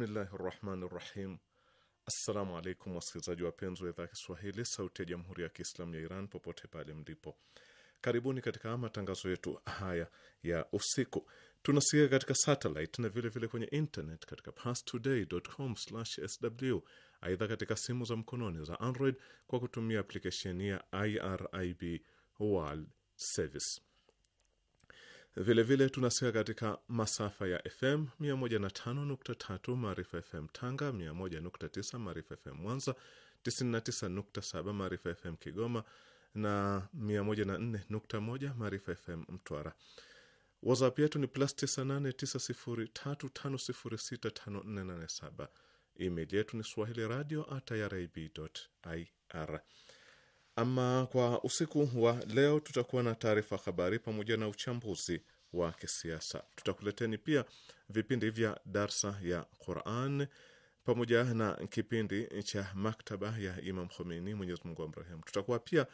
Bismillahi rahmani rahim. Assalamu alaikum wasikilizaji wapenzi wa idhaa ya Kiswahili sauti ya jamhuri ya Kiislamu ya Iran popote pale mlipo, karibuni katika matangazo yetu haya ya usiku. Tunasikika katika satellite na vilevile vile kwenye internet katika parstoday.com/sw. Aidha, katika simu za mkononi za Android kwa kutumia aplikesheni ya IRIB World Service Vilevile vile tunasikia katika masafa ya FM 105.3 Maarifa FM Tanga, 101.9 Maarifa FM Mwanza, 99.7 Maarifa FM Kigoma na 104.1 Maarifa FM Mtwara. WhatsApp yetu ni plus 989035065487. Email yetu ni swahili radio at irib.ir. Ama kwa usiku wa leo tutakuwa na taarifa habari pamoja na uchambuzi wa kisiasa. Tutakuleteni pia vipindi vya darsa ya Quran pamoja na kipindi cha maktaba ya Imam Khomeini, Mwenyezi Mungu amrehemu. Tutakuwa pia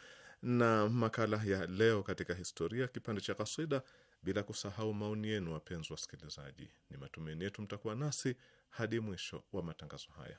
na makala ya leo katika historia, kipande cha kasida, bila kusahau maoni yenu, wapenzi wasikilizaji. Ni matumaini yetu mtakuwa nasi hadi mwisho wa matangazo haya.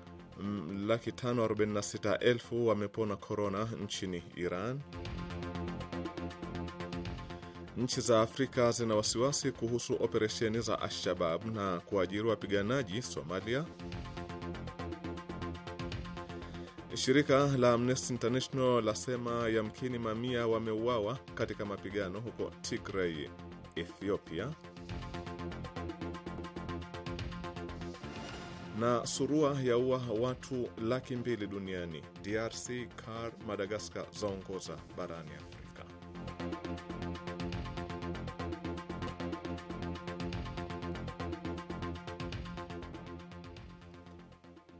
Mm, laki tano arobaini na sita elfu wamepona korona nchini Iran. Nchi za Afrika zina wasiwasi kuhusu operesheni za Alshabab na kuajiri wapiganaji Somalia. Shirika la Amnesty International lasema yamkini mamia wameuawa katika mapigano huko Tigray, Ethiopia. na surua ya ua watu laki mbili duniani. DRC, CAR, Madagaskar zaongoza barani Afrika.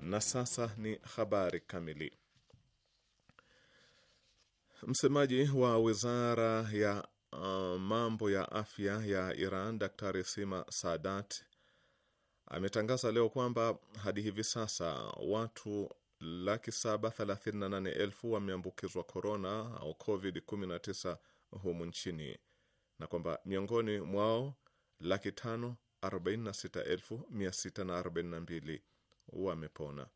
Na sasa ni habari kamili. Msemaji wa wizara ya uh, mambo ya afya ya Iran, Daktari Sima Sadat ametangaza leo kwamba hadi hivi sasa watu laki saba thelathini na nane elfu wameambukizwa korona au covid 19 humu nchini na kwamba miongoni mwao laki tano arobaini na sita elfu mia sita na arobaini na mbili wamepona.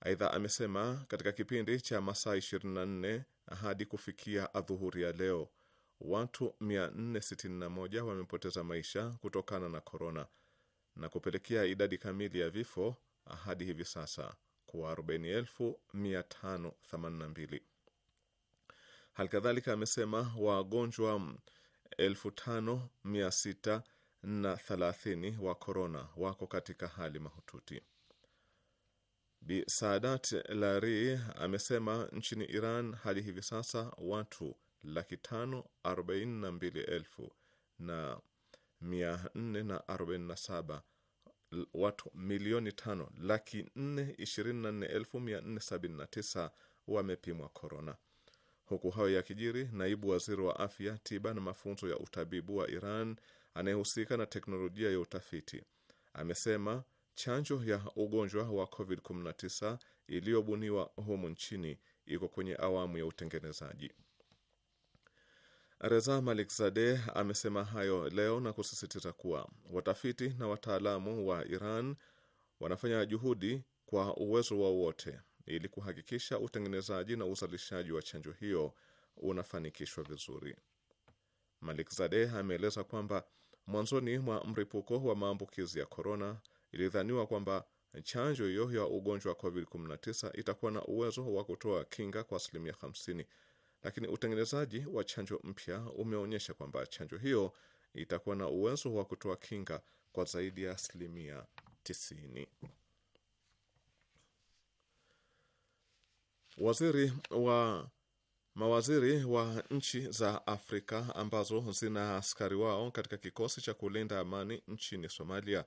Aidha amesema katika kipindi cha masaa 24 hadi kufikia adhuhuri ya leo watu 461 wamepoteza maisha kutokana na korona na kupelekea idadi kamili ya vifo ah, hadi hivi sasa kuwa 40,582. kadhalika amesema wagonjwa 5,630 wa korona wako katika hali mahututi. Bi Saadat Lari amesema nchini Iran hadi hivi sasa watu laki tano arobaini na mbili elfu na 447 watu milioni tano laki nne ishirini na nne elfu mia nne sabini na tisa wamepimwa korona. Huku hayo ya kijiri, naibu waziri wa afya, tiba na mafunzo ya utabibu wa Iran anayehusika na teknolojia ya utafiti amesema chanjo ya ugonjwa wa COVID-19 iliyobuniwa humu nchini iko kwenye awamu ya utengenezaji. Reza Malikzadeh amesema hayo leo na kusisitiza kuwa watafiti na wataalamu wa Iran wanafanya juhudi kwa uwezo wao wote ili kuhakikisha utengenezaji na uzalishaji wa chanjo hiyo unafanikishwa vizuri. Malikzadeh ameeleza kwamba mwanzoni mwa mripuko wa maambukizi ya korona ilidhaniwa kwamba chanjo hiyo ya ugonjwa wa COVID-19 itakuwa na uwezo wa kutoa kinga kwa asilimia 50 lakini utengenezaji wa chanjo mpya umeonyesha kwamba chanjo hiyo itakuwa na uwezo wa kutoa kinga kwa zaidi ya asilimia 90. Waziri wa mawaziri wa nchi za Afrika ambazo zina askari wao katika kikosi cha kulinda amani nchini Somalia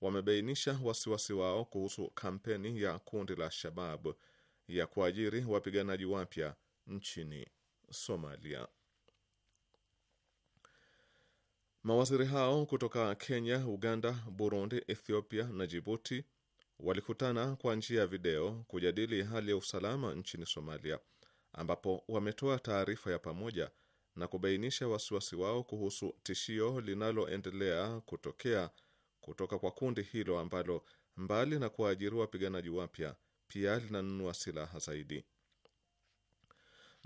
wamebainisha wasiwasi wao kuhusu kampeni ya kundi la Shabab ya kuajiri wapiganaji wapya nchini Somalia. Mawaziri hao kutoka Kenya, Uganda, Burundi, Ethiopia na Jibuti walikutana kwa njia ya video kujadili hali ya usalama nchini Somalia, ambapo wametoa taarifa ya pamoja na kubainisha wasiwasi wao kuhusu tishio linaloendelea kutokea kutoka kwa kundi hilo ambalo mbali na kuajiriwa wapiganaji wapya pia linanunua silaha zaidi.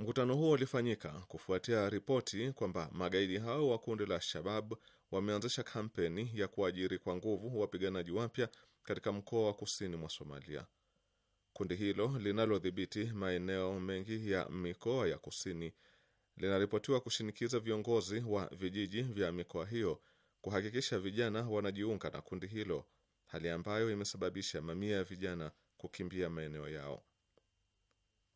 Mkutano huo ulifanyika kufuatia ripoti kwamba magaidi hao wa kundi la Shabab wameanzisha kampeni ya kuajiri kwa nguvu wapiganaji wapya katika mkoa wa kusini mwa Somalia. Kundi hilo linalodhibiti maeneo mengi ya mikoa ya kusini linaripotiwa kushinikiza viongozi wa vijiji vya mikoa hiyo kuhakikisha vijana wanajiunga na kundi hilo, hali ambayo imesababisha mamia ya vijana kukimbia maeneo yao.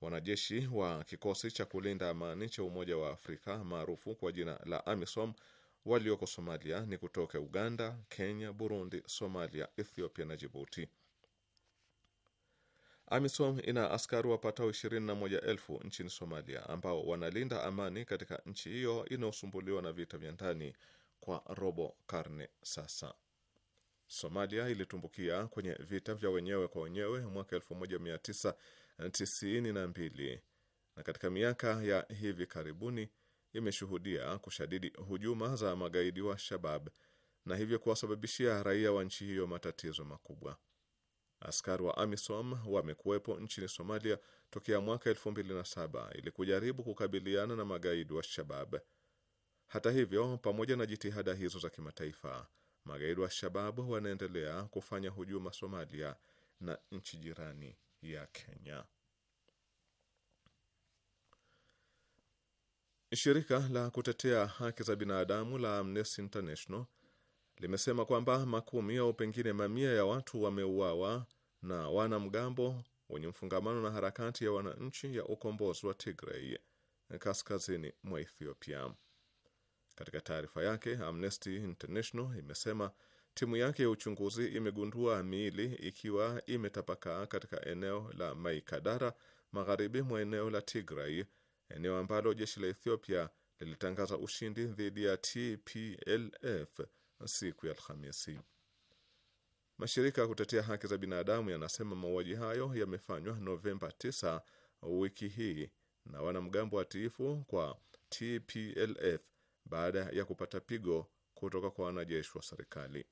Wanajeshi wa kikosi cha kulinda amani cha Umoja wa Afrika maarufu kwa jina la AMISOM walioko Somalia ni kutoka Uganda, Kenya, Burundi, Somalia, Ethiopia na Jibuti. AMISOM ina askari wapatao 21,000 nchini Somalia ambao wanalinda amani katika nchi hiyo inayosumbuliwa na vita vya ndani kwa robo karne sasa. Somalia ilitumbukia kwenye vita vya wenyewe kwa wenyewe mwaka 19 tisini na mbili na katika miaka ya hivi karibuni imeshuhudia kushadidi hujuma za magaidi wa Shabab na hivyo kuwasababishia raia wa nchi hiyo matatizo makubwa. Askari wa AMISOM wamekuwepo nchini Somalia tokea mwaka 2007 ili kujaribu kukabiliana na magaidi wa Shabab. Hata hivyo, pamoja na jitihada hizo za kimataifa, magaidi wa Shabab wanaendelea kufanya hujuma Somalia na nchi jirani ya Kenya. Shirika la kutetea haki za binadamu la Amnesty International limesema kwamba makumi au pengine mamia ya watu wameuawa na wanamgambo wenye mfungamano na harakati ya wananchi ya ukombozi wa Tigray kaskazini mwa Ethiopia. Katika taarifa yake, Amnesty International imesema Timu yake ya uchunguzi imegundua miili ikiwa imetapakaa katika eneo la Maikadara magharibi mwa eneo la Tigray, eneo ambalo jeshi la Ethiopia lilitangaza ushindi dhidi ya TPLF siku ya Alhamisi. Mashirika ya kutetea haki za binadamu yanasema mauaji hayo yamefanywa Novemba 9 wiki hii na wanamgambo watiifu kwa TPLF baada ya kupata pigo kutoka kwa wanajeshi wa serikali.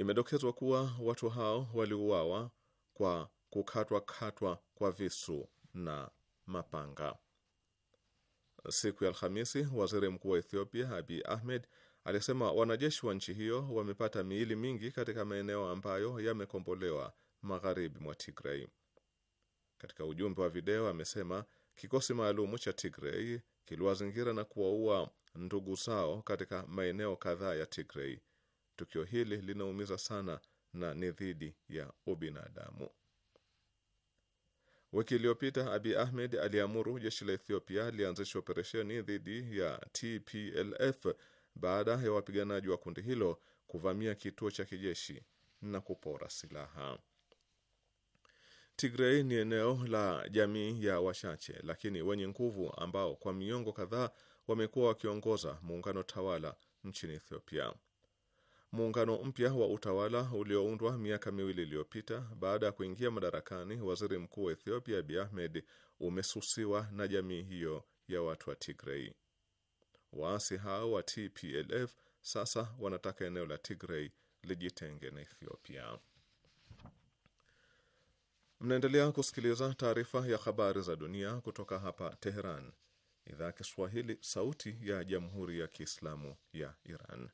Imedokezwa kuwa watu hao waliuawa kwa kukatwakatwa kwa visu na mapanga. Siku ya Alhamisi, waziri mkuu wa Ethiopia Abiy Ahmed alisema wanajeshi wa nchi hiyo wamepata miili mingi katika maeneo ambayo yamekombolewa magharibi mwa tigrei Katika ujumbe wa video amesema kikosi maalumu cha tigrei kiliwazingira na kuwaua ndugu zao katika maeneo kadhaa ya Tigrei. Tukio hili linaumiza sana na ni dhidi ya ubinadamu. Wiki iliyopita Abi Ahmed aliamuru jeshi la Ethiopia lianzishe operesheni dhidi ya TPLF baada ya wapiganaji wa kundi hilo kuvamia kituo cha kijeshi na kupora silaha. Tigrei ni eneo la jamii ya wachache lakini wenye nguvu ambao kwa miongo kadhaa wamekuwa wakiongoza muungano tawala nchini Ethiopia. Muungano mpya wa utawala ulioundwa miaka miwili iliyopita baada ya kuingia madarakani waziri mkuu wa Ethiopia Abiy Ahmed umesusiwa na jamii hiyo ya watu wa Tigrei. Waasi hao wa TPLF sasa wanataka eneo la Tigrei lijitenge na Ethiopia. Mnaendelea kusikiliza taarifa ya habari za dunia kutoka hapa Teheran, idhaa ya Kiswahili, sauti ya jamhuri ya kiislamu ya Iran.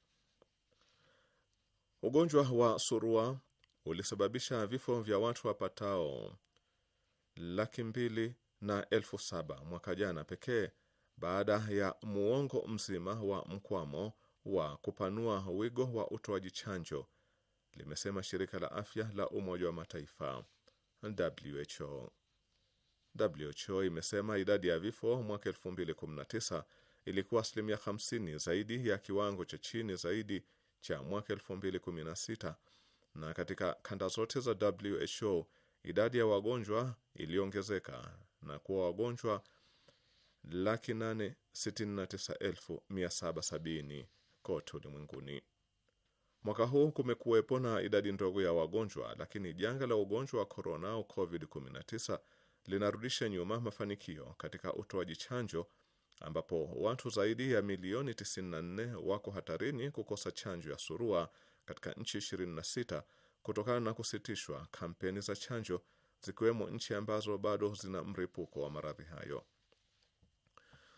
Ugonjwa wa surua ulisababisha vifo vya watu wapatao laki mbili na elfu saba mwaka jana pekee baada ya muongo mzima wa mkwamo wa kupanua wigo wa utoaji chanjo, limesema shirika la afya la Umoja wa Mataifa WHO. WHO imesema idadi ya vifo mwaka 2019 ilikuwa asilimia 50 zaidi ya kiwango cha chini zaidi cha mwaka 2016 na katika kanda zote za WHO idadi ya wagonjwa iliongezeka na kuwa wagonjwa laki nane sabini kote ulimwenguni. Mwaka huu kumekuwepo na idadi ndogo ya wagonjwa, lakini janga la ugonjwa wa korona au COVID-19 linarudisha nyuma mafanikio katika utoaji chanjo ambapo watu zaidi ya milioni 94 wako hatarini kukosa chanjo ya surua katika nchi 26 kutokana na kusitishwa kampeni za chanjo, zikiwemo nchi ambazo bado zina mripuko wa maradhi hayo.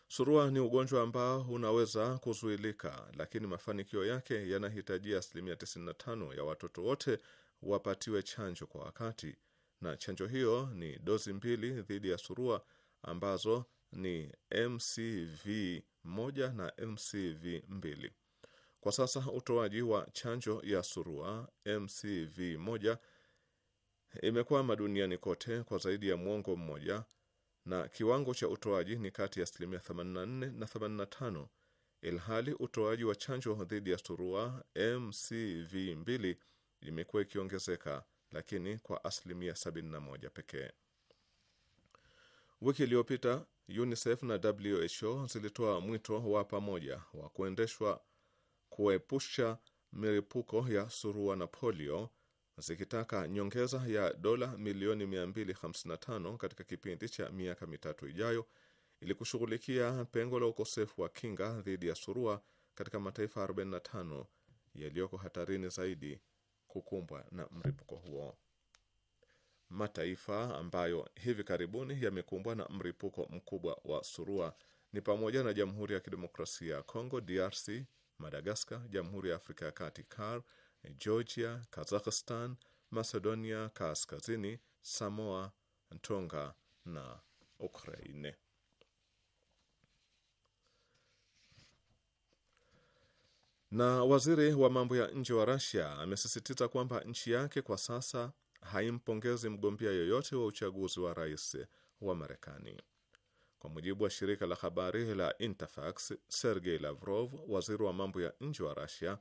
Surua ni ugonjwa ambao unaweza kuzuilika, lakini mafanikio yake yanahitajia asilimia 95 ya watoto wote wapatiwe chanjo kwa wakati, na chanjo hiyo ni dozi mbili dhidi ya surua ambazo ni MCV1 na MCV2. Kwa sasa utoaji wa chanjo ya surua MCV1 imekwama duniani kote kwa zaidi ya mwongo mmoja na kiwango cha utoaji ni kati ya asilimia 84 na 85, ilhali utoaji wa chanjo dhidi ya surua MCV2 imekuwa ikiongezeka lakini kwa asilimia 71 pekee. Wiki iliyopita UNICEF na WHO zilitoa mwito wa pamoja wa kuendeshwa kuepusha milipuko ya surua na polio zikitaka nyongeza ya dola milioni 255 katika kipindi cha miaka mitatu ijayo ili kushughulikia pengo la ukosefu wa kinga dhidi ya surua katika mataifa 45 yaliyoko hatarini zaidi kukumbwa na mripuko huo mataifa ambayo hivi karibuni yamekumbwa na mripuko mkubwa wa surua ni pamoja na Jamhuri ya Kidemokrasia ya Kongo, DRC, Madagaskar, Jamhuri ya Afrika ya Kati, CAR, Georgia, Kazakhstan, Macedonia Kaskazini, Samoa, Tonga na Ukraine. Na waziri wa mambo ya nje wa Russia amesisitiza kwamba nchi yake kwa sasa haimpongezi mgombea yoyote wa uchaguzi wa rais wa Marekani. Kwa mujibu wa shirika la habari la Interfax, Sergei Lavrov, waziri wa mambo ya nje wa Russia,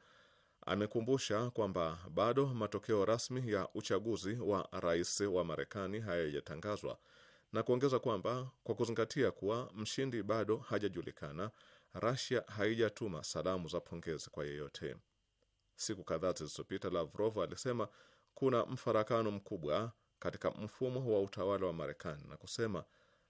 amekumbusha kwamba bado matokeo rasmi ya uchaguzi wa rais wa Marekani hayajatangazwa na kuongeza kwamba kwa kuzingatia kuwa mshindi bado hajajulikana, Russia haijatuma salamu za pongezi kwa yeyote. Siku kadhaa zilizopita, Lavrov alisema kuna mfarakano mkubwa katika mfumo wa utawala wa Marekani na kusema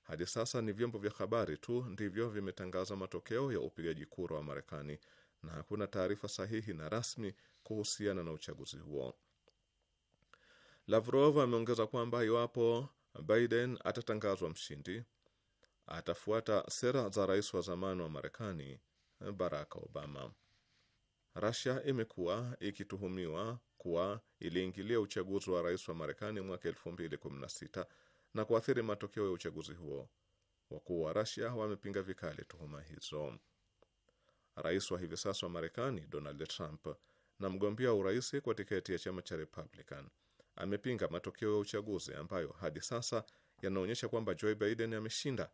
hadi sasa ni vyombo vya habari tu ndivyo vimetangaza matokeo ya upigaji kura wa Marekani na hakuna taarifa sahihi na rasmi kuhusiana na uchaguzi huo. Lavrov ameongeza kwamba iwapo Biden atatangazwa mshindi, atafuata sera za rais wa zamani wa Marekani Barack Obama. Rasia imekuwa ikituhumiwa kuwa iliingilia uchaguzi wa rais wa Marekani mwaka 2016 na kuathiri matokeo ya uchaguzi huo. Wakuu wa Rasia wamepinga vikali tuhuma hizo. Rais wa hivi sasa wa Marekani Donald Trump na mgombea urais kwa tiketi ya chama cha Republican amepinga matokeo ya uchaguzi ambayo hadi sasa yanaonyesha kwamba Joe Biden ameshinda.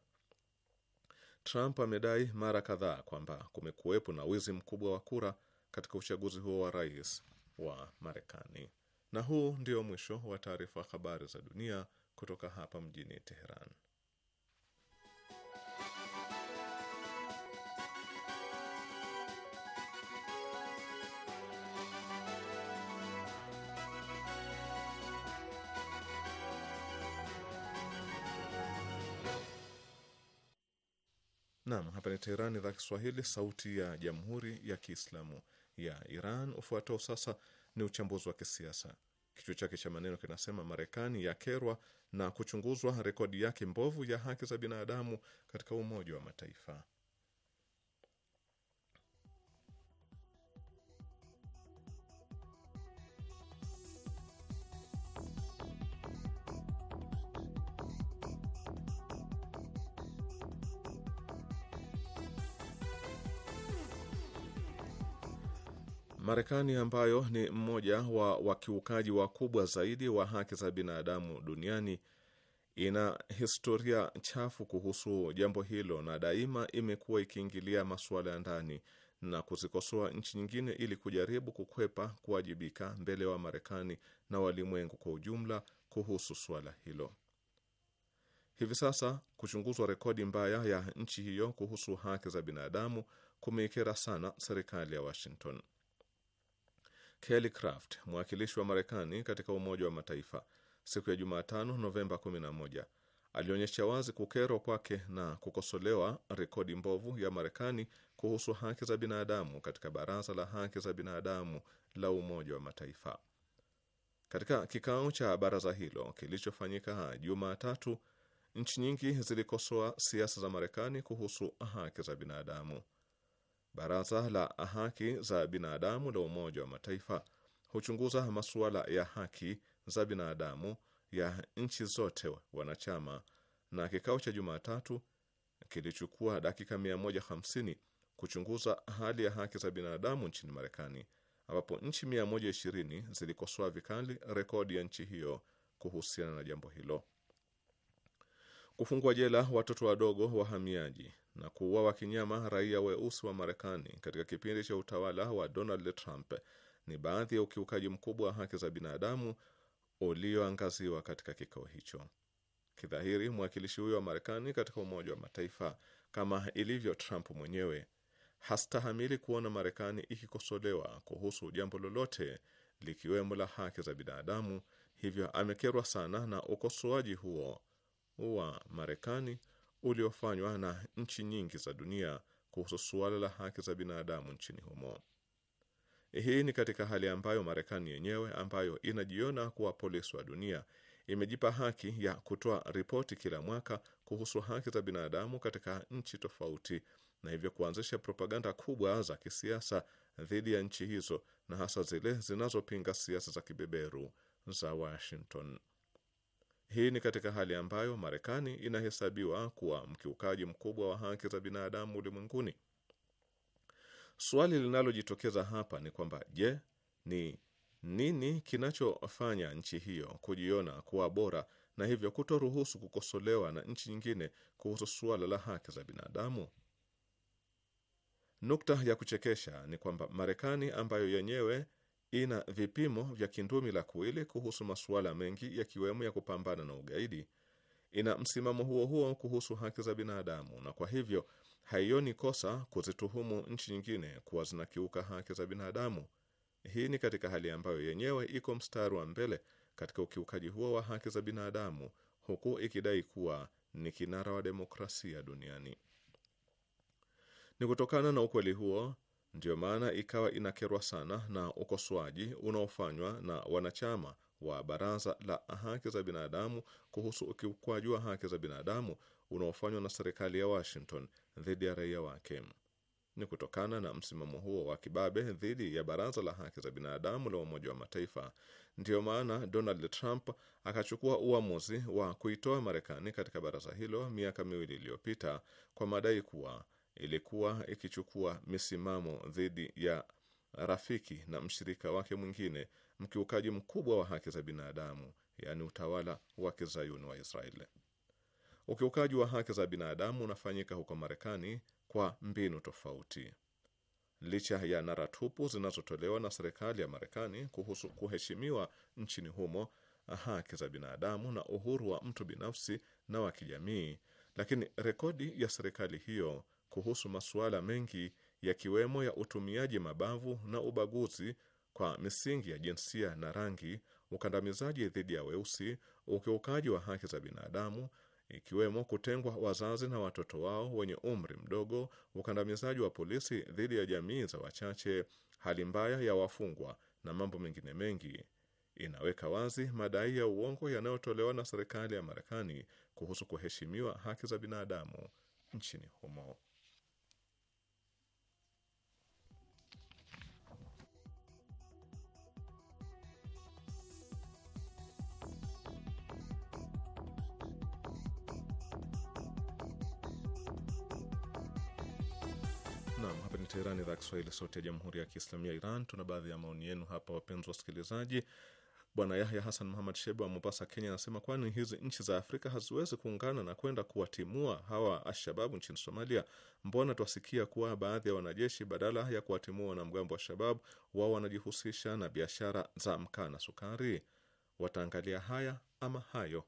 Trump amedai mara kadhaa kwamba kumekuwepo na wizi mkubwa wa kura katika uchaguzi huo wa rais wa Marekani. Na huu ndio mwisho wa taarifa habari za dunia kutoka hapa mjini Teheran. Naam, hapa ni Teherani, idhaa Kiswahili, sauti ya jamhuri ya kiislamu ya Iran. Ufuatao sasa ni uchambuzi wa kisiasa, kichwa chake cha maneno kinasema Marekani yakerwa na kuchunguzwa rekodi yake mbovu ya haki za binadamu katika Umoja wa Mataifa. Marekani ambayo ni mmoja wa wakiukaji wakubwa zaidi wa haki za binadamu duniani ina historia chafu kuhusu jambo hilo na daima imekuwa ikiingilia masuala ya ndani na kuzikosoa nchi nyingine ili kujaribu kukwepa kuwajibika mbele wa Marekani na walimwengu kwa ujumla kuhusu suala hilo. Hivi sasa kuchunguzwa rekodi mbaya ya nchi hiyo kuhusu haki za binadamu kumeikera sana serikali ya Washington. Kelly Craft, mwakilishi wa Marekani katika Umoja wa Mataifa, siku ya Jumatano Novemba 11 alionyesha wazi kukerwa kwake na kukosolewa rekodi mbovu ya Marekani kuhusu haki za binadamu katika Baraza la Haki za Binadamu la Umoja wa Mataifa. Katika kikao cha baraza hilo kilichofanyika Jumatatu, nchi nyingi zilikosoa siasa za Marekani kuhusu haki za binadamu. Baraza la Haki za Binadamu la Umoja wa Mataifa huchunguza masuala ya haki za binadamu ya nchi zote wanachama, na kikao cha Jumatatu kilichukua dakika 150 kuchunguza hali ya haki za binadamu nchini Marekani, ambapo nchi 120 zilikosoa vikali rekodi ya nchi hiyo kuhusiana na jambo hilo. Kufungwa jela watoto wadogo wahamiaji na wa kinyama raia weusi wa Marekani katika kipindi cha utawala wa Donald Trump ni baadhi ya ukiukaji mkubwa wa haki za binadamu ulioangaziwa katika kikao hicho. Kidhahiri, mwakilishi huyo wa Marekani katika Umoja wa Mataifa, kama ilivyo Trump mwenyewe, hastahamili kuona Marekani ikikosolewa kuhusu jambo lolote likiwemo la haki za binadamu. Hivyo amekerwa sana na ukosoaji huo wa Marekani uliofanywa na nchi nyingi za dunia kuhusu suala la haki za binadamu nchini humo. Hii ni katika hali ambayo Marekani yenyewe ambayo inajiona kuwa polisi wa dunia imejipa haki ya kutoa ripoti kila mwaka kuhusu haki za binadamu katika nchi tofauti na hivyo kuanzisha propaganda kubwa za kisiasa dhidi ya nchi hizo na hasa zile zinazopinga siasa za kibeberu za Washington. Hii ni katika hali ambayo Marekani inahesabiwa kuwa mkiukaji mkubwa wa haki za binadamu ulimwenguni. Swali linalojitokeza hapa ni kwamba je, ni nini kinachofanya nchi hiyo kujiona kuwa bora na hivyo kutoruhusu kukosolewa na nchi nyingine kuhusu suala la haki za binadamu? Nukta ya kuchekesha ni kwamba Marekani ambayo yenyewe ina vipimo vya kindumi la kuili kuhusu masuala mengi yakiwemo ya kupambana na ugaidi. Ina msimamo huo huo kuhusu haki za binadamu, na kwa hivyo haioni kosa kuzituhumu nchi nyingine kuwa zinakiuka haki za binadamu. Hii ni katika hali ambayo yenyewe iko mstari wa mbele katika ukiukaji huo wa haki za binadamu, huku ikidai kuwa ni kinara wa demokrasia duniani. Ni kutokana na ukweli huo Ndiyo maana ikawa inakerwa sana na ukosoaji unaofanywa na wanachama wa Baraza la Haki za Binadamu kuhusu ukiukwaji wa haki za binadamu unaofanywa na serikali ya Washington dhidi ya raia wake. Ni kutokana na msimamo huo wa kibabe dhidi ya Baraza la Haki za Binadamu la Umoja wa Mataifa, ndiyo maana Donald Trump akachukua uamuzi wa kuitoa Marekani katika baraza hilo miaka miwili iliyopita kwa madai kuwa ilikuwa ikichukua misimamo dhidi ya rafiki na mshirika wake mwingine mkiukaji mkubwa wa haki za binadamu, yaani utawala wa kizayuni wa Israeli. Ukiukaji wa haki za binadamu unafanyika huko Marekani kwa mbinu tofauti. Licha ya naratupu zinazotolewa na serikali ya Marekani kuhusu kuheshimiwa nchini humo haki za binadamu na uhuru wa mtu binafsi na wa kijamii, lakini rekodi ya serikali hiyo kuhusu masuala mengi yakiwemo ya utumiaji mabavu na ubaguzi kwa misingi ya jinsia na rangi, ukandamizaji dhidi ya weusi, ukiukaji wa haki za binadamu ikiwemo kutengwa wazazi na watoto wao wenye umri mdogo, ukandamizaji wa polisi dhidi ya jamii za wachache, hali mbaya ya wafungwa na mambo mengine mengi, inaweka wazi madai ya uongo yanayotolewa na serikali ya Marekani kuhusu kuheshimiwa haki za binadamu nchini humo. Iran, idhaa Kiswahili, sauti ya jamhuri ya kiislamu ya Iran. Tuna baadhi ya maoni yenu hapa, wapenzi wasikilizaji. Bwana Yahya Hasan Muhamad Shebe wa Mombasa, Kenya, anasema kwani hizi nchi za Afrika haziwezi kuungana na kwenda kuwatimua hawa Alshababu nchini Somalia? Mbona twasikia kuwa baadhi ya wanajeshi badala ya kuwatimua wanamgambo wa Shababu wao wanajihusisha na biashara za mkaa na sukari? Wataangalia haya ama hayo.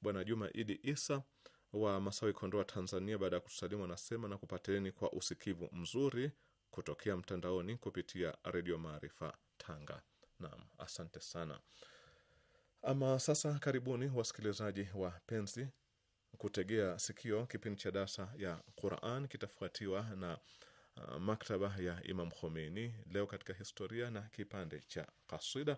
Bwana Juma Idi Isa wa Masawi, Kondoa, Tanzania, baada ya kutusalimu anasema na kupateni kwa usikivu mzuri kutokea mtandaoni kupitia Redio Maarifa Tanga. Naam, asante sana. Ama sasa, karibuni wasikilizaji wapenzi kutegea sikio kipindi cha darsa ya Quran, kitafuatiwa na uh, maktaba ya Imam Khomeini, leo katika historia na kipande cha kasida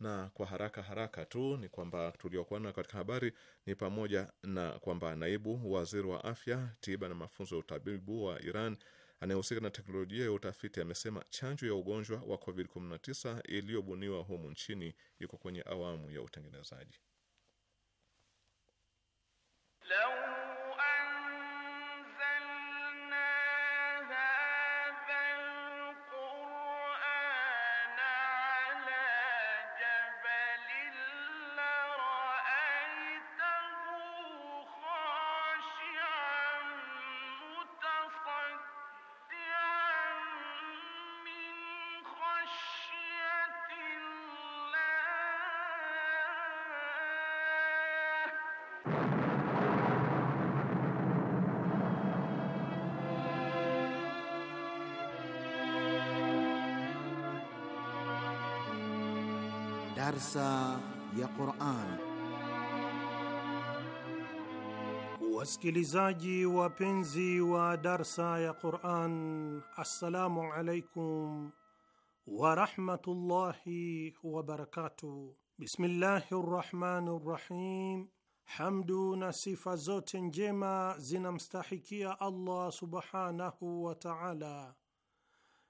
na kwa haraka haraka tu ni kwamba tuliokuwa nayo katika habari ni pamoja na kwamba naibu waziri wa afya, tiba na mafunzo ya utabibu wa Iran anayehusika na teknolojia ya utafiti amesema chanjo ya ugonjwa wa COVID-19 iliyobuniwa humu nchini iko kwenye awamu ya utengenezaji Hello? darsa ya Quran. Wasikilizaji wapenzi wa darsa ya Quran, assalamu alaikum warahmatullahi wabarakatuh. Bismillahi rrahmani rrahim. Hamdu na sifa zote njema zinamstahikia Allah subhanahu wa taala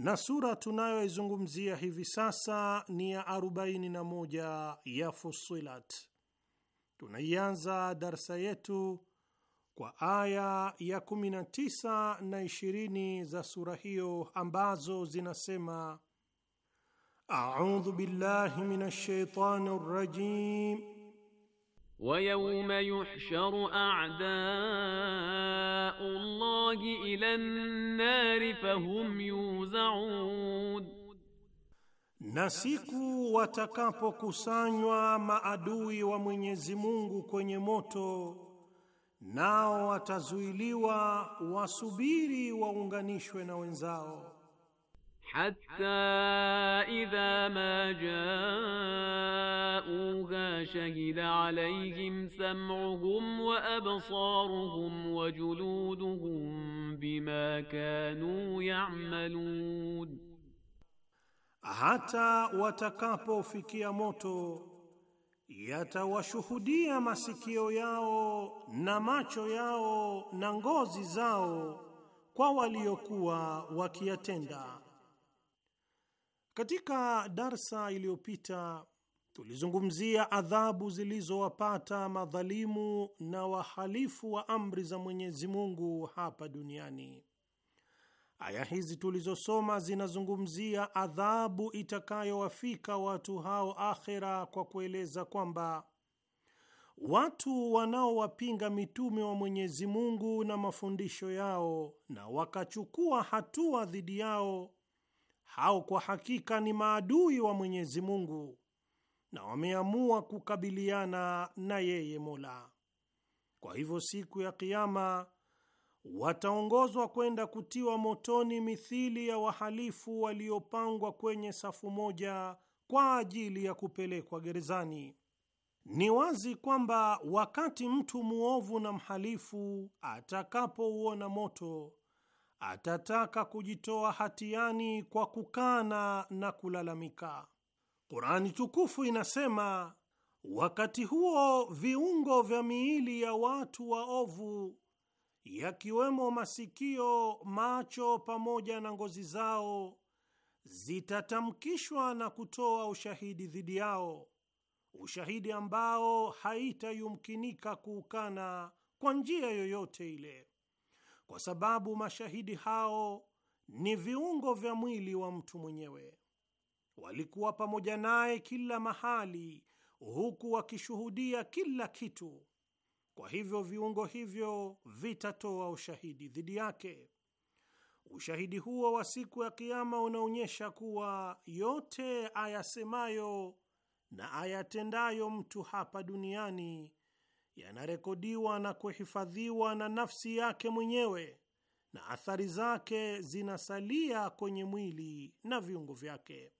na sura tunayoizungumzia hivi sasa ni ya 41 ya Fusilat. Tunaianza darsa yetu kwa aya ya 19 na 20 za sura hiyo ambazo zinasema: audhu billahi minash shaitani rajim ويوم يحشر أعداء الله إلى النار فهم يوزعون na siku watakapokusanywa maadui wa Mwenyezi Mungu kwenye moto, nao watazuiliwa wasubiri waunganishwe na wenzao Hatta idha ma jauha shahida alayhim sam'uhum wa absaruhum wa juluduhum bima hata watakapofikia moto yatawashuhudia masikio yao na macho yao na ngozi zao kwa waliokuwa wakiyatenda. Katika darsa iliyopita tulizungumzia adhabu zilizowapata madhalimu na wahalifu wa amri za Mwenyezi Mungu hapa duniani. Aya hizi tulizosoma zinazungumzia adhabu itakayowafika watu hao akhera, kwa kueleza kwamba watu wanaowapinga mitume wa Mwenyezi Mungu na mafundisho yao na wakachukua hatua dhidi yao hao kwa hakika ni maadui wa Mwenyezi Mungu na wameamua kukabiliana na yeye Mola. Kwa hivyo siku ya Kiama wataongozwa kwenda kutiwa motoni mithili ya wahalifu waliopangwa kwenye safu moja kwa ajili ya kupelekwa gerezani. Ni wazi kwamba wakati mtu mwovu na mhalifu atakapouona moto atataka kujitoa hatiani kwa kukana na kulalamika. Kurani tukufu inasema, wakati huo viungo vya miili ya watu waovu yakiwemo masikio, macho pamoja na ngozi zao zitatamkishwa na kutoa ushahidi dhidi yao, ushahidi ambao haitayumkinika kuukana kwa njia yoyote ile kwa sababu mashahidi hao ni viungo vya mwili wa mtu mwenyewe. Walikuwa pamoja naye kila mahali, huku wakishuhudia kila kitu. Kwa hivyo viungo hivyo vitatoa ushahidi dhidi yake. Ushahidi huo wa siku ya Kiama unaonyesha kuwa yote ayasemayo na ayatendayo mtu hapa duniani yanarekodiwa na kuhifadhiwa na nafsi yake mwenyewe na athari zake zinasalia kwenye mwili na viungo vyake.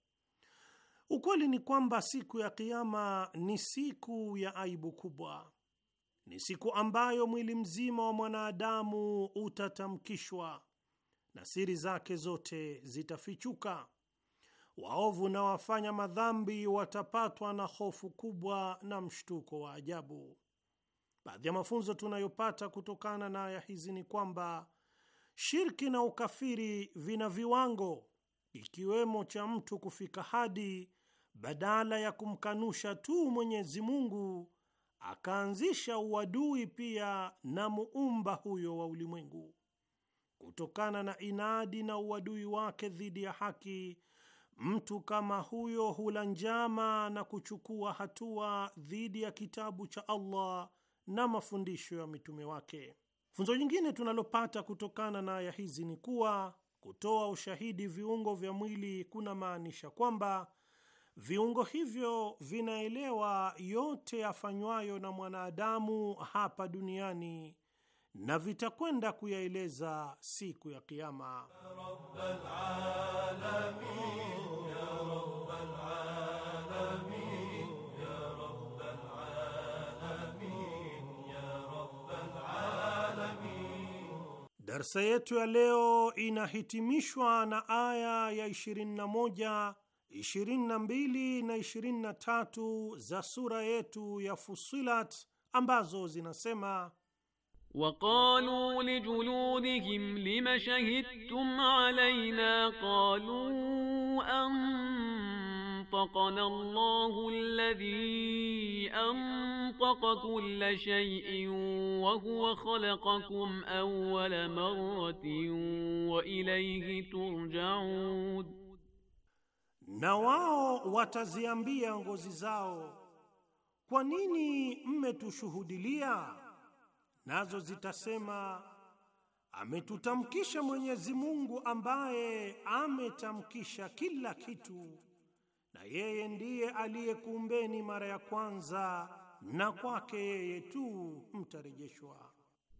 Ukweli ni kwamba siku ya Kiama ni siku ya aibu kubwa, ni siku ambayo mwili mzima wa mwanadamu utatamkishwa na siri zake zote zitafichuka. Waovu na wafanya madhambi watapatwa na hofu kubwa na mshtuko wa ajabu. Baadhi ya mafunzo tunayopata kutokana na aya hizi ni kwamba shirki na ukafiri vina viwango, ikiwemo cha mtu kufika hadi badala ya kumkanusha tu Mwenyezi Mungu akaanzisha uadui pia na muumba huyo wa ulimwengu. Kutokana na inadi na uadui wake dhidi ya haki, mtu kama huyo hula njama na kuchukua hatua dhidi ya kitabu cha Allah na mafundisho ya mitume wake. Funzo jingine tunalopata kutokana na aya hizi ni kuwa kutoa ushahidi viungo vya mwili kuna maanisha kwamba viungo hivyo vinaelewa yote yafanywayo na mwanadamu hapa duniani na vitakwenda kuyaeleza siku ya Kiama. Darsa yetu ya leo inahitimishwa na aya ya 21, 22 23 za sura yetu ya Fusilat ambazo zinasema: waqalu lijuludihim lima shahidtum alayna qalu an أنطقنا الله الذي أنطق كل شيء وهو خلقكم أول مرة وإليه ترجعون na wao wataziambia ngozi zao, kwa nini mmetushuhudilia? Nazo zitasema ametutamkisha Mwenyezi Mungu ambaye ametamkisha kila kitu na yeye ndiye aliyekuumbeni mara ya kwanza na kwake yeye tu mtarejeshwa.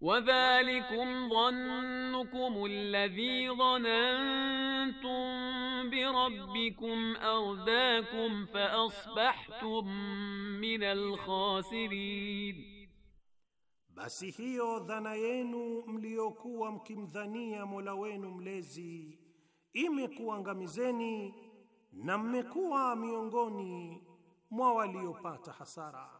وذلكم ظنكم الذي ظننتم بربكم أرداكم فأصبحتم من الخاسرين basi hiyo dhana yenu mliyokuwa mkimdhania Mola wenu mlezi imekuangamizeni na mmekuwa miongoni mwa waliopata hasara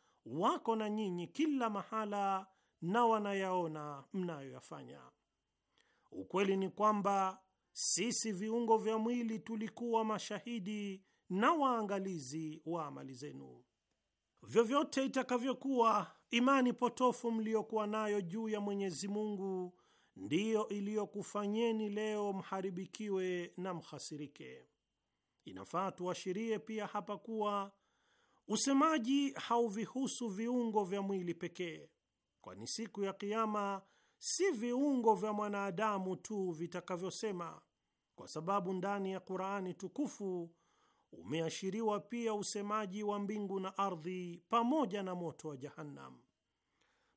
wako na nyinyi kila mahala na wanayaona mnayoyafanya. Ukweli ni kwamba sisi viungo vya mwili tulikuwa mashahidi na waangalizi wa amali zenu. Vyovyote itakavyokuwa imani potofu mliyokuwa nayo juu ya Mwenyezi Mungu ndiyo iliyokufanyeni leo mharibikiwe na mhasirike. Inafaa tuashirie pia hapa kuwa Usemaji hauvihusu viungo vya mwili pekee, kwani siku ya Kiama si viungo vya mwanadamu tu vitakavyosema, kwa sababu ndani ya Qur'ani tukufu umeashiriwa pia usemaji wa mbingu na ardhi pamoja na moto wa Jahannam.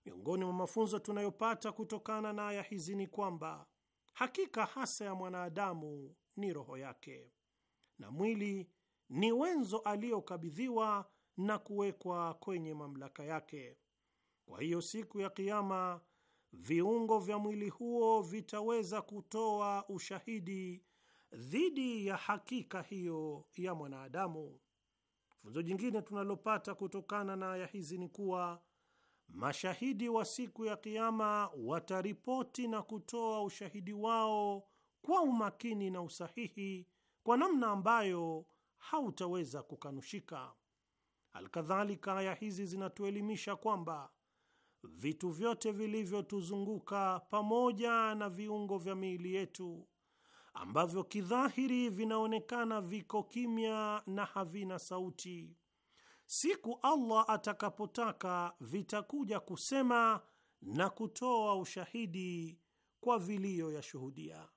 Miongoni mwa mafunzo tunayopata kutokana na aya hizi ni kwamba hakika hasa ya mwanadamu ni roho yake na mwili ni wenzo aliyokabidhiwa na kuwekwa kwenye mamlaka yake. Kwa hiyo siku ya Kiama viungo vya mwili huo vitaweza kutoa ushahidi dhidi ya hakika hiyo ya mwanadamu. Funzo jingine tunalopata kutokana na aya hizi ni kuwa mashahidi wa siku ya Kiama wataripoti na kutoa ushahidi wao kwa umakini na usahihi, kwa namna ambayo hautaweza kukanushika. Alkadhalika, aya hizi zinatuelimisha kwamba vitu vyote vilivyotuzunguka pamoja na viungo vya miili yetu ambavyo kidhahiri vinaonekana viko kimya na havina sauti, siku Allah atakapotaka vitakuja kusema na kutoa ushahidi kwa vilio ya shuhudia.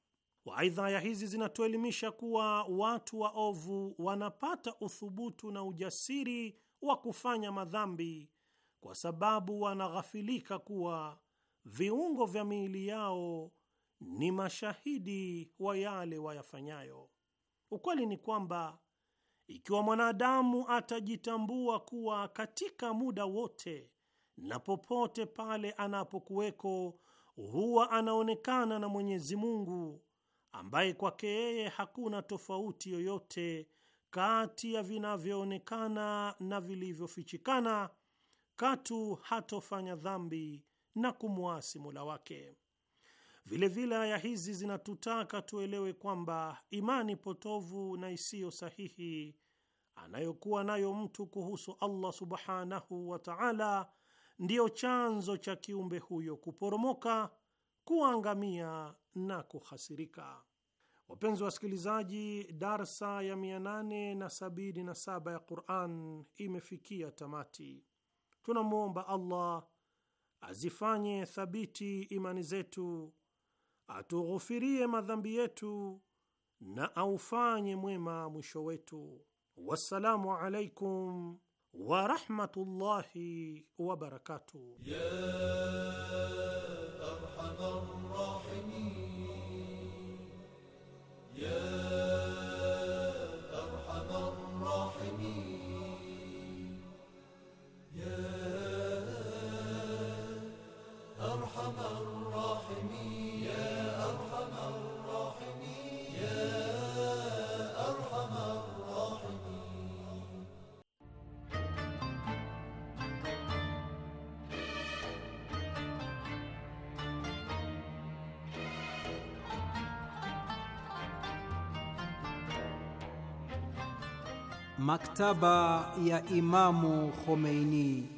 Waaidha, aya hizi zinatuelimisha kuwa watu waovu wanapata uthubutu na ujasiri wa kufanya madhambi kwa sababu wanaghafilika kuwa viungo vya miili yao ni mashahidi wa yale wayafanyayo. Ukweli ni kwamba ikiwa mwanadamu atajitambua kuwa katika muda wote na popote pale anapokuweko huwa anaonekana na Mwenyezi Mungu ambaye kwake yeye hakuna tofauti yoyote kati ya vinavyoonekana na vilivyofichikana, katu hatofanya dhambi na kumwasi Mola wake. Vilevile aya hizi zinatutaka tuelewe kwamba imani potovu na isiyo sahihi anayokuwa nayo mtu kuhusu Allah subhanahu wa ta'ala ndiyo chanzo cha kiumbe huyo kuporomoka, kuangamia na kuhasirika. Wapenzi wa wasikilizaji, darsa ya 877 ya Quran imefikia tamati. Tunamwomba Allah azifanye thabiti imani zetu, atughufirie madhambi yetu na aufanye mwema mwisho wetu. Wassalamu alaikum wa rahmatullahi wa barakatuh. Yeah. Maktaba ya Imamu Khomeini.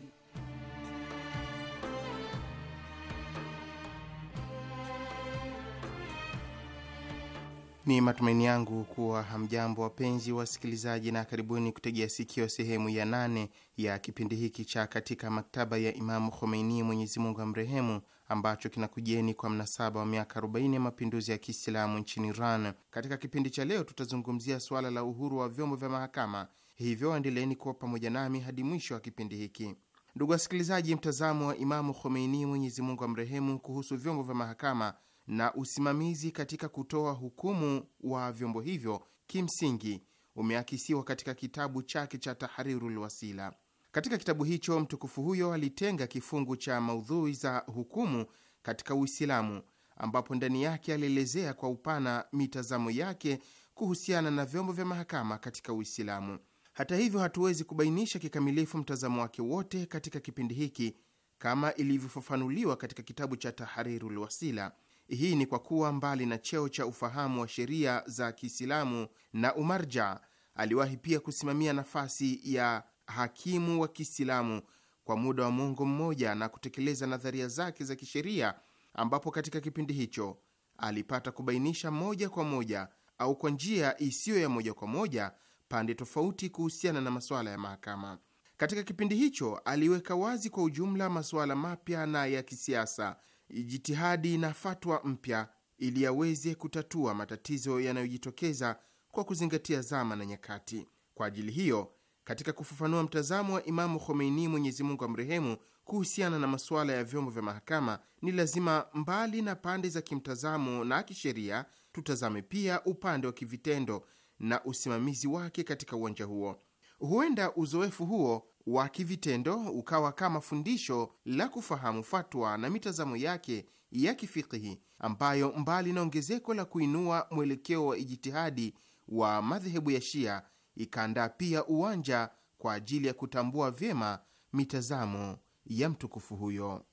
Ni matumaini yangu kuwa hamjambo wapenzi wasikilizaji, na karibuni kutegea sikio sehemu ya nane ya kipindi hiki cha katika maktaba ya Imamu Khomeini, Mwenyezi Mungu amrehemu, ambacho kinakujeni kwa mnasaba wa miaka 40 ya mapinduzi ya Kiislamu nchini Iran. Katika kipindi cha leo tutazungumzia suala la uhuru wa vyombo vya mahakama, hivyo endeleeni kuwa pamoja nami hadi mwisho wa kipindi hiki. Ndugu wasikilizaji, mtazamo wa Imamu Khomeini, Mwenyezi Mungu amrehemu, kuhusu vyombo vya mahakama na usimamizi katika kutoa hukumu wa vyombo hivyo kimsingi umeakisiwa katika kitabu chake cha Tahrirul Wasila. Katika kitabu hicho mtukufu huyo alitenga kifungu cha maudhui za hukumu katika Uislamu, ambapo ndani yake alielezea kwa upana mitazamo yake kuhusiana na vyombo vya mahakama katika Uislamu. Hata hivyo, hatuwezi kubainisha kikamilifu mtazamo wake wote katika kipindi hiki kama ilivyofafanuliwa katika kitabu cha Tahrirul Wasila. Hii ni kwa kuwa mbali na cheo cha ufahamu wa sheria za Kiislamu na umarja, aliwahi pia kusimamia nafasi ya hakimu wa Kiislamu kwa muda wa muongo mmoja na kutekeleza nadharia zake za kisheria, ambapo katika kipindi hicho alipata kubainisha moja kwa moja au kwa njia isiyo ya moja kwa moja pande tofauti kuhusiana na masuala ya mahakama. Katika kipindi hicho aliweka wazi kwa ujumla masuala mapya na ya kisiasa jitihadi na fatwa mpya ili yaweze kutatua matatizo yanayojitokeza kwa kuzingatia zama na nyakati. Kwa ajili hiyo, katika kufafanua mtazamo wa Imamu Khomeini, Mwenyezi Mungu amrehemu, kuhusiana na masuala ya vyombo vya mahakama, ni lazima mbali na pande za kimtazamo na kisheria, tutazame pia upande wa kivitendo na usimamizi wake katika uwanja huo. Huenda uzoefu huo wa kivitendo ukawa kama fundisho la kufahamu fatwa na mitazamo yake ya kifikihi ambayo mbali na ongezeko la kuinua mwelekeo wa ijitihadi wa madhehebu ya Shia ikaandaa pia uwanja kwa ajili ya kutambua vyema mitazamo ya mtukufu huyo.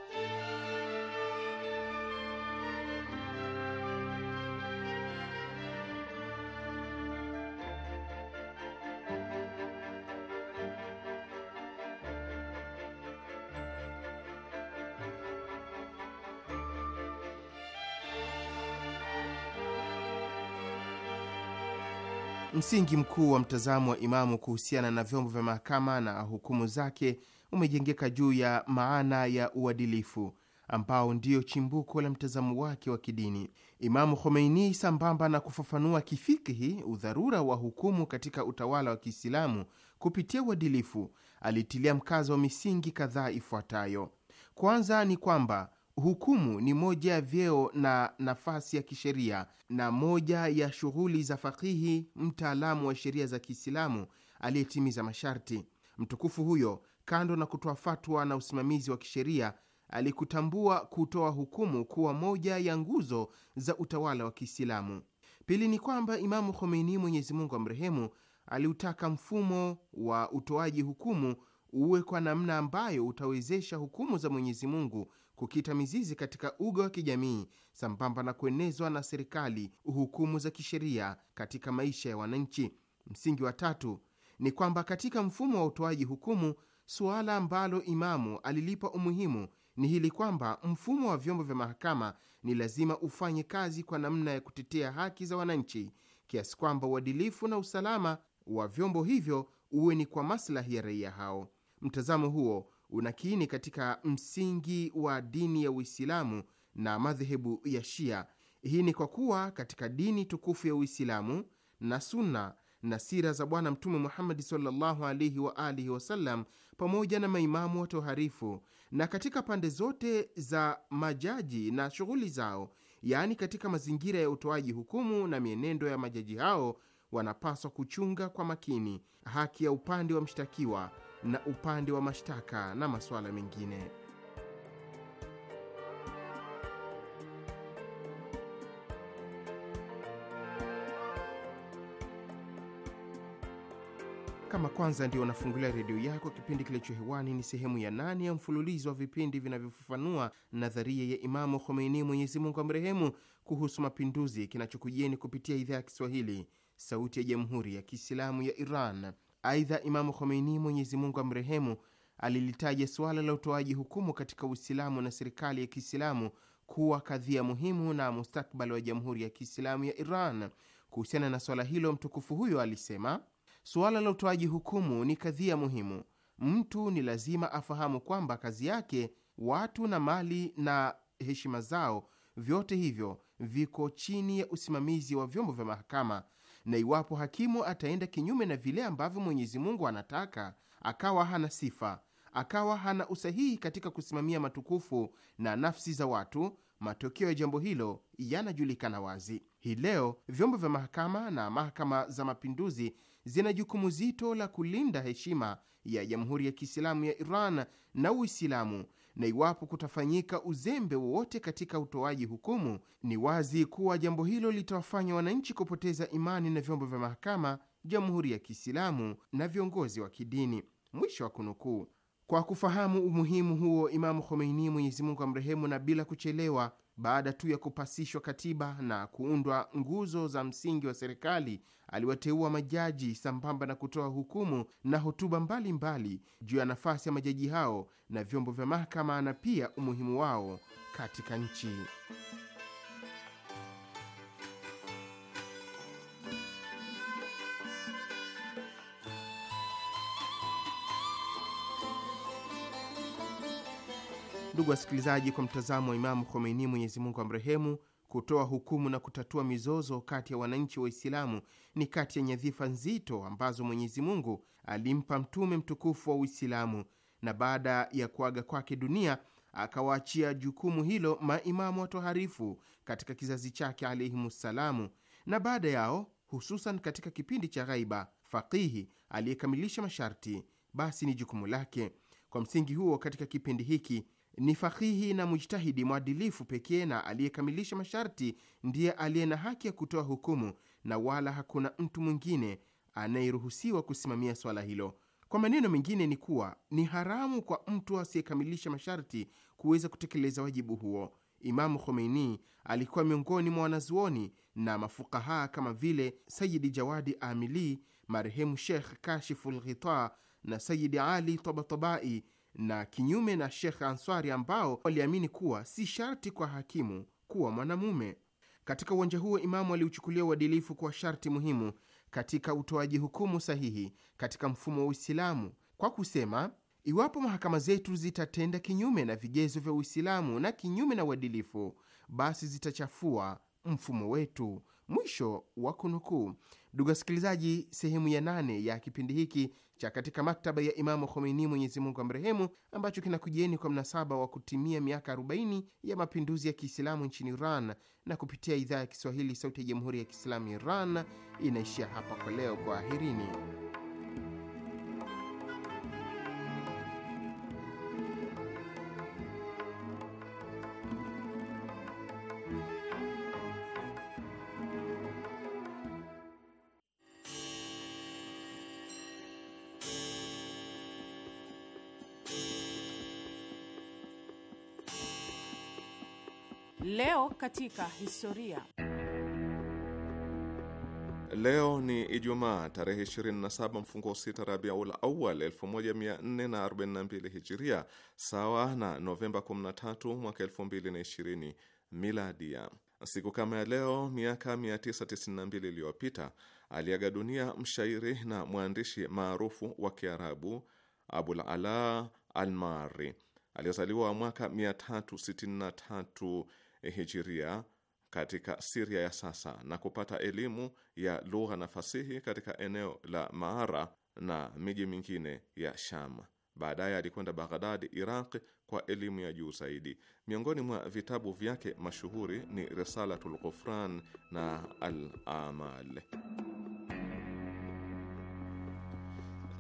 Msingi mkuu wa mtazamo wa Imamu kuhusiana na vyombo vya mahakama na hukumu zake umejengeka juu ya maana ya uadilifu ambao ndiyo chimbuko la mtazamo wake wa kidini. Imamu Khomeini, sambamba na kufafanua kifikhi udharura wa hukumu katika utawala wa Kiislamu kupitia uadilifu, alitilia mkazo wa misingi kadhaa ifuatayo. Kwanza ni kwamba Hukumu ni moja ya vyeo na nafasi ya kisheria na moja ya shughuli za fakihi mtaalamu wa sheria za Kiislamu aliyetimiza masharti. Mtukufu huyo kando na kutoa fatwa na usimamizi wa kisheria, alikutambua kutoa hukumu kuwa moja ya nguzo za utawala wa Kiislamu. Pili ni kwamba Imamu Khomeini, Mwenyezi Mungu amrehemu, aliutaka mfumo wa utoaji hukumu uwe kwa namna ambayo utawezesha hukumu za Mwenyezi Mungu kukita mizizi katika uga wa kijamii sambamba na kuenezwa na serikali hukumu za kisheria katika maisha ya wananchi. Msingi wa tatu ni kwamba katika mfumo wa utoaji hukumu, suala ambalo Imamu alilipa umuhimu ni hili kwamba mfumo wa vyombo vya mahakama ni lazima ufanye kazi kwa namna ya kutetea haki za wananchi, kiasi kwamba uadilifu na usalama wa vyombo hivyo uwe ni kwa maslahi ya raia hao. Mtazamo huo unakiini katika msingi wa dini ya Uislamu na madhehebu ya Shia. Hii ni kwa kuwa katika dini tukufu ya Uislamu na Sunna na sira za Bwana Mtume Muhammadi sallallahu alaihi wa alihi wasallam pamoja na maimamu watoharifu na katika pande zote za majaji na shughuli zao, yaani katika mazingira ya utoaji hukumu na mienendo ya majaji hao, wanapaswa kuchunga kwa makini haki ya upande wa mshtakiwa na upande wa mashtaka na masuala mengine. Kama kwanza ndio unafungulia redio yako, kipindi kilicho hewani ni sehemu ya nane ya mfululizo wa vipindi vinavyofafanua nadharia ya Imamu Khomeini, Mwenyezi Mungu amrehemu, kuhusu mapinduzi, kinachokujieni kupitia idhaa ya Kiswahili, Sauti ya Jamhuri ya Kiislamu ya Iran. Aidha, Imamu Khomeini, Mwenyezi Mungu amrehemu, alilitaja suala la utoaji hukumu katika Uislamu na serikali ya Kiislamu kuwa kadhia muhimu na mustakbali wa Jamhuri ya Kiislamu ya Iran. Kuhusiana na suala hilo, mtukufu huyo alisema, suala la utoaji hukumu ni kadhia muhimu. Mtu ni lazima afahamu kwamba kazi yake, watu na mali na heshima zao, vyote hivyo viko chini ya usimamizi wa vyombo vya mahakama na iwapo hakimu ataenda kinyume na vile ambavyo Mwenyezi Mungu anataka, akawa hana sifa, akawa hana usahihi katika kusimamia matukufu na nafsi za watu, matokeo ya jambo hilo yanajulikana wazi. Hii leo vyombo vya mahakama na mahakama za mapinduzi zina jukumu zito la kulinda heshima ya Jamhuri ya Kiislamu ya Iran na Uislamu na iwapo kutafanyika uzembe wowote katika utoaji hukumu, ni wazi kuwa jambo hilo litawafanya wananchi kupoteza imani na vyombo vya mahakama, jamhuri ya Kiislamu na viongozi wa kidini. Mwisho wa kunukuu. Kwa kufahamu umuhimu huo, Imamu Khomeini, Mwenyezi Mungu amrehemu, na bila kuchelewa baada tu ya kupasishwa katiba na kuundwa nguzo za msingi wa serikali, aliwateua majaji sambamba na kutoa hukumu na hotuba mbalimbali juu ya nafasi ya majaji hao na vyombo vya mahakama na pia umuhimu wao katika nchi. Ndugu wasikilizaji, kwa mtazamo wa Imamu Khomeini, Mwenyezi Mungu amrehemu, kutoa hukumu na kutatua mizozo kati ya wananchi Waislamu ni kati ya nyadhifa nzito ambazo Mwenyezi Mungu alimpa mtume mtukufu wa Uislamu, na baada ya kuaga kwake dunia akawaachia jukumu hilo maimamu watoharifu katika kizazi chake alaihimussalamu, na baada yao hususan katika kipindi cha ghaiba faqihi aliyekamilisha masharti basi ni jukumu lake. Kwa msingi huo, katika kipindi hiki ni fakihi na mujtahidi mwadilifu pekee na aliyekamilisha masharti ndiye aliye na haki ya kutoa hukumu, na wala hakuna mtu mwingine anayeruhusiwa kusimamia swala hilo. Kwa maneno mengine, ni kuwa ni haramu kwa mtu asiyekamilisha masharti kuweza kutekeleza wajibu huo. Imamu Khomeini alikuwa miongoni mwa wanazuoni na mafukaha kama vile Sayidi Jawadi Amili, marehemu Shekh Kashifu Ghita na Sayidi Ali Tabatabai na kinyume na Shekh Answari ambao waliamini kuwa si sharti kwa hakimu kuwa mwanamume. Katika uwanja huo, Imamu aliuchukulia uadilifu kuwa sharti muhimu katika utoaji hukumu sahihi katika mfumo wa Uislamu kwa kusema, iwapo mahakama zetu zitatenda kinyume na vigezo vya Uislamu na kinyume na uadilifu, basi zitachafua mfumo wetu. Mwisho wa kunukuu. Ndugu wasikilizaji, sehemu ya nane ya kipindi hiki cha katika maktaba ya Imamu Khomeini, Mwenyezi Mungu amrehemu, ambacho kinakujieni kwa mnasaba wa kutimia miaka 40 ya mapinduzi ya Kiislamu nchini Iran na kupitia idhaa ya Kiswahili, Sauti ya Jamhuri ya Kiislamu Iran, inaishia hapa kwa leo. ahirini. Leo katika historia. Leo ni Ijumaa tarehe 27 mfungo sita Rabiul Awal 1442 Hijiria, sawa na Novemba 13 mwaka 2020 Miladia. Siku kama ya leo miaka 992 iliyopita aliaga dunia mshairi na mwandishi maarufu wa Kiarabu Abul Ala Almari aliyezaliwa mwaka 363 Eh, hijiria katika Siria ya sasa na kupata elimu ya lugha na fasihi katika eneo la Maara na miji mingine ya Sham. Baadaye alikwenda Baghdad, Iraq, kwa elimu ya juu zaidi. Miongoni mwa vitabu vyake mashuhuri ni Risalatul Ghufran na Al Amal.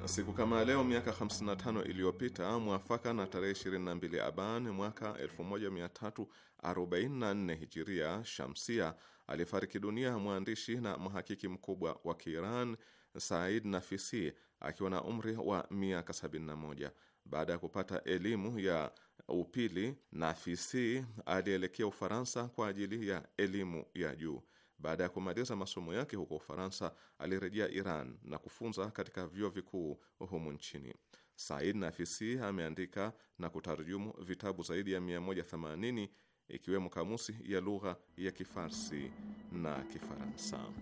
Siku kama leo miaka 55 iliyopita mwafaka na tarehe 22 Aban mwaka 1344 Hijiria Shamsia, alifariki dunia mwandishi na mhakiki mkubwa wa Kiiran Said Nafisi akiwa na umri wa miaka 71. Baada ya kupata elimu ya upili, Nafisi alielekea Ufaransa kwa ajili ya elimu ya juu. Baada ya kumaliza masomo yake huko Ufaransa, alirejea Iran na kufunza katika vyuo vikuu humu nchini. Said Nafisi ameandika na kutarjumu vitabu zaidi ya 180 ikiwemo kamusi ya lugha ya Kifarsi na Kifaransa.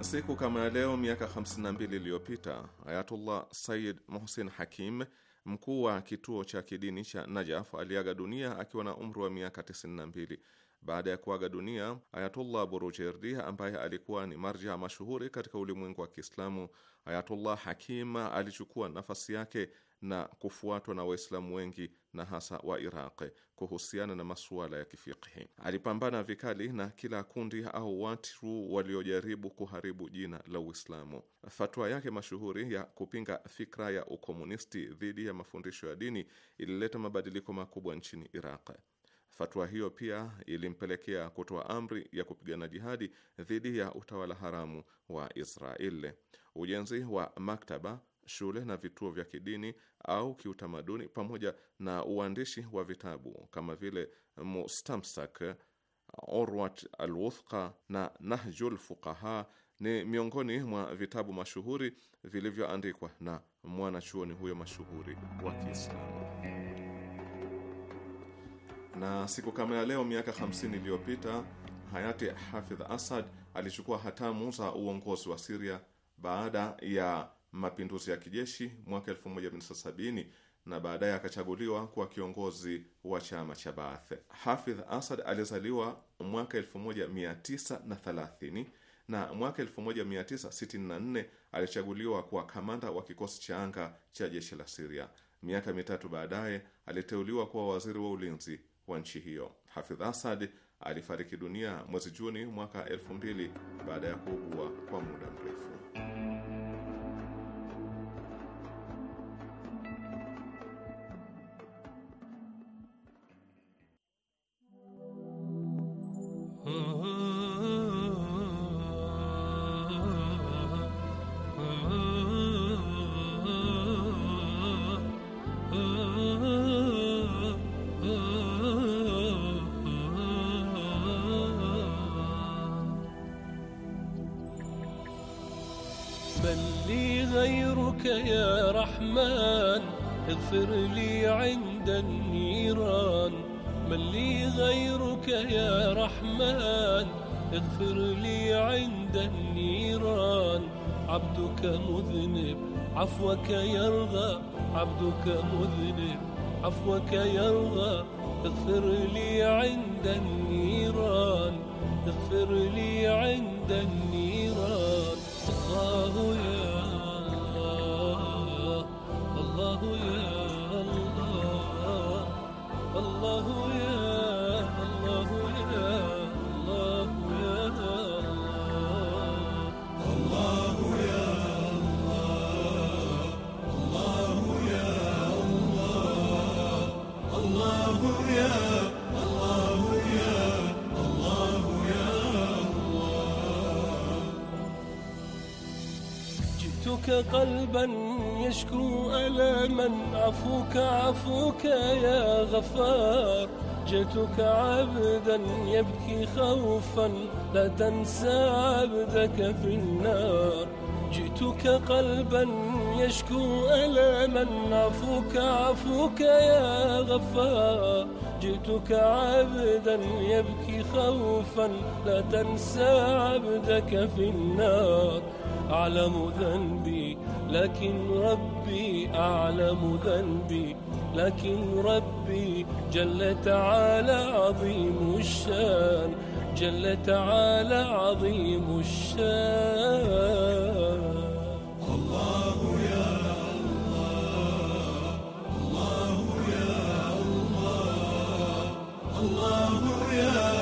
Siku kama ya leo miaka 52 iliyopita Ayatullah Sayyid Muhsin Hakim mkuu wa kituo cha kidini cha Najaf aliaga dunia akiwa na umri wa miaka 92. Baada ya kuaga dunia, Ayatullah Burujerdi ambaye alikuwa ni marja mashuhuri katika ulimwengu wa Kiislamu, Ayatullah Hakim alichukua nafasi yake na kufuatwa na Waislamu wengi na hasa wa Iraq kuhusiana na masuala ya kifikhi Alipambana vikali na kila kundi au watu waliojaribu kuharibu jina la Uislamu. Fatwa yake mashuhuri ya kupinga fikra ya ukomunisti dhidi ya mafundisho ya dini ilileta mabadiliko makubwa nchini Iraq. Fatwa hiyo pia ilimpelekea kutoa amri ya kupigana jihadi dhidi ya utawala haramu wa Israeli. Ujenzi wa maktaba shule na vituo vya kidini au kiutamaduni, pamoja na uandishi wa vitabu kama vile Mustamsak, Orwat Alwuthqa na Nahjul Fuqaha ni miongoni mwa vitabu mashuhuri vilivyoandikwa na mwanachuoni huyo mashuhuri wa Kiislamu. Na siku kama ya leo miaka 50 iliyopita hayati Hafidh Asad alichukua hatamu za uongozi wa Siria baada ya mapinduzi ya kijeshi mwaka 1970 na baadaye akachaguliwa kuwa kiongozi wa chama cha Baath. Hafidh Asad alizaliwa mwaka 1930 na mwaka 1964 alichaguliwa kuwa kamanda wa kikosi cha anga cha jeshi la Siria. Miaka mitatu baadaye aliteuliwa kuwa waziri wa ulinzi wa nchi hiyo. Hafidh Asad alifariki dunia mwezi Juni mwaka 2000 baada ya kuugua kwa muda mrefu. شئتك قلبا يشكو ألما عفوك عفوك يا غفار جئتك عبدا يبكي خوفا لا تنسى عبدك في النار جئتك قلبا يشكو ألما عفوك عفوك يا غفار جئتك عبدا يبكي خوفا لا تنسى عبدك في النار أعلم ذنبي لكن ربي أعلم ذنبي لكن ربي جل تعالى عظيم الشان جل تعالى عظيم الشان الله يا الله الله يا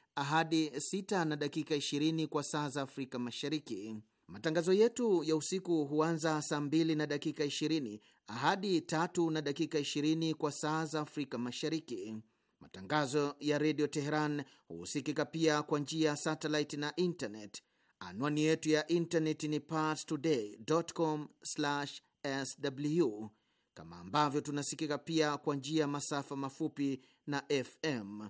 hadi 6 na dakika 20 kwa saa za Afrika Mashariki. Matangazo yetu ya usiku huanza saa mbili na dakika 20 hadi tatu na dakika 20 kwa saa za Afrika Mashariki. Matangazo ya Redio Teheran husikika pia kwa njia ya satellite na internet. Anwani yetu ya internet ni parstoday.com/sw, kama ambavyo tunasikika pia kwa njia ya masafa mafupi na FM.